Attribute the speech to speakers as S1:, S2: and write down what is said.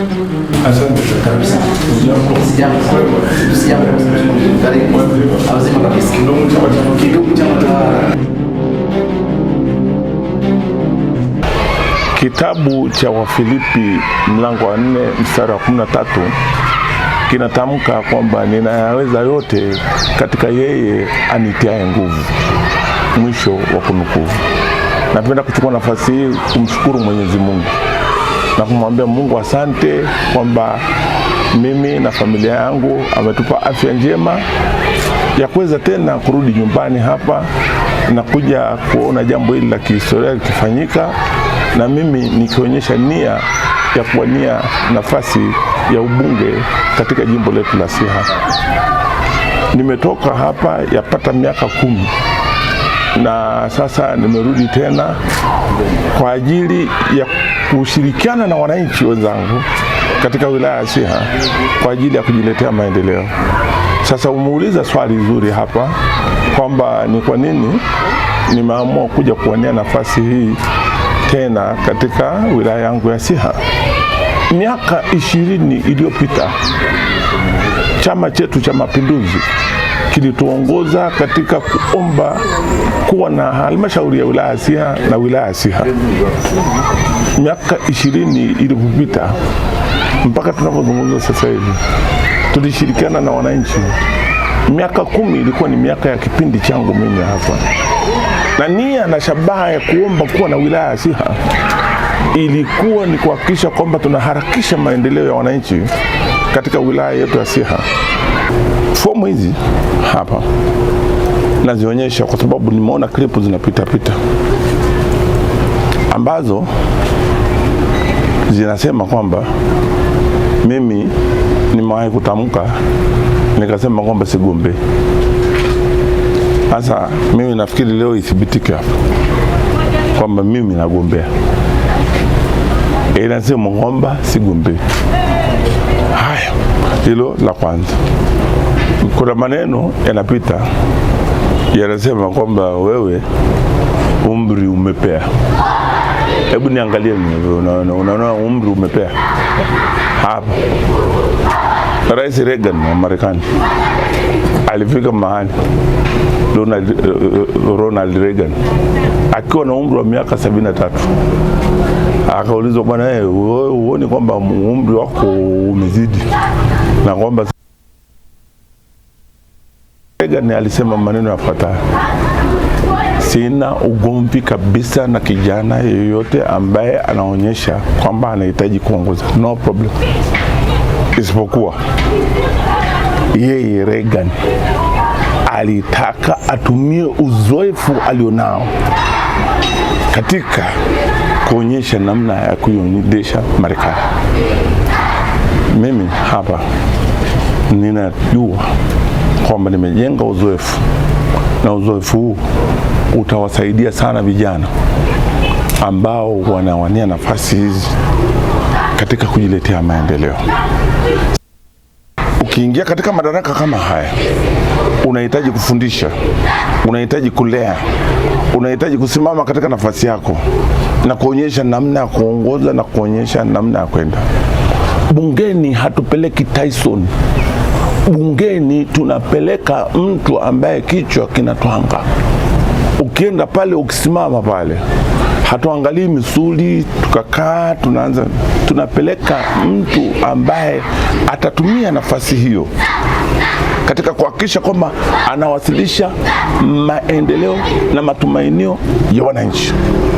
S1: Asante kabisa. Kitabu cha Wafilipi mlango wa nne mstari wa kumi na tatu kinatamka kwamba ninayaweza yote katika yeye anitiaye nguvu. Mwisho wa kunukuu. Napenda kuchukua nafasi hii kumshukuru Mwenyezi Mungu na kumwambia Mungu asante kwamba mimi na familia yangu ametupa afya njema ya kuweza tena kurudi nyumbani hapa na kuja kuona jambo hili la kihistoria likifanyika, na mimi nikionyesha nia ya kuwania nafasi ya ubunge katika jimbo letu la Siha. Nimetoka hapa yapata miaka kumi na sasa nimerudi tena kwa ajili ya kushirikiana na wananchi wenzangu katika wilaya ya Siha kwa ajili ya kujiletea maendeleo. Sasa umeuliza swali zuri hapa kwamba ni kwa nini nimeamua kuja kuwania nafasi hii tena katika wilaya yangu ya Siha. Miaka ishirini iliyopita Chama chetu cha Mapinduzi kilituongoza katika kuomba kuwa na halmashauri ya wilaya Siha na wilaya Siha. Miaka ishirini ilipopita mpaka tunavyozungumza sasa hivi, tulishirikiana na wananchi. Miaka kumi ilikuwa ni miaka ya kipindi changu mimi hapa, na nia na shabaha ya kuomba kuwa na wilaya ya Siha ilikuwa ni kuhakikisha kwamba tunaharakisha maendeleo ya wananchi katika wilaya yetu ya Siha. Fomu hizi hapa nazionyesha kwa sababu nimeona klipu zinapitapita ambazo zinasema kwamba mimi nimewahi kutamka nikasema kwamba sigombee. Sasa mimi nafikiri leo ithibitike hapa kwamba mimi nagombea, inasema kwamba sigombe. Haya, hilo la kwanza kuna maneno yanapita yanasema kwamba wewe umri umepea. Hebu niangalie, unaona una, umri umepea hapa. Rais Reagan wa Marekani alifika mahali Donald, uh, Ronald Reagan akiwa na umri wa miaka sabini na tatu akaulizwa, bwana, wewe eh, huoni kwamba umri wako umezidi na kwamba Reagan alisema maneno yafuatayo: sina ugomvi kabisa na kijana yeyote ambaye anaonyesha kwamba anahitaji kuongoza, no problem, isipokuwa yeye Reagan alitaka atumie uzoefu alionao katika kuonyesha namna ya kuiendesha Marekani. Mimi hapa ninajua kwamba nimejenga uzoefu na uzoefu huu utawasaidia sana vijana ambao wanawania nafasi hizi katika kujiletea maendeleo. Ukiingia katika madaraka kama haya, unahitaji kufundisha, unahitaji kulea, unahitaji kusimama katika nafasi yako na kuonyesha namna ya kuongoza na kuonyesha namna ya kwenda. Bungeni hatupeleki Tyson bungeni tunapeleka mtu ambaye kichwa kinatwanga. Ukienda pale, ukisimama pale, hatuangalii misuli, tukakaa tunaanza, tunapeleka mtu ambaye atatumia nafasi hiyo katika kuhakikisha kwamba anawasilisha maendeleo na matumainio ya wananchi.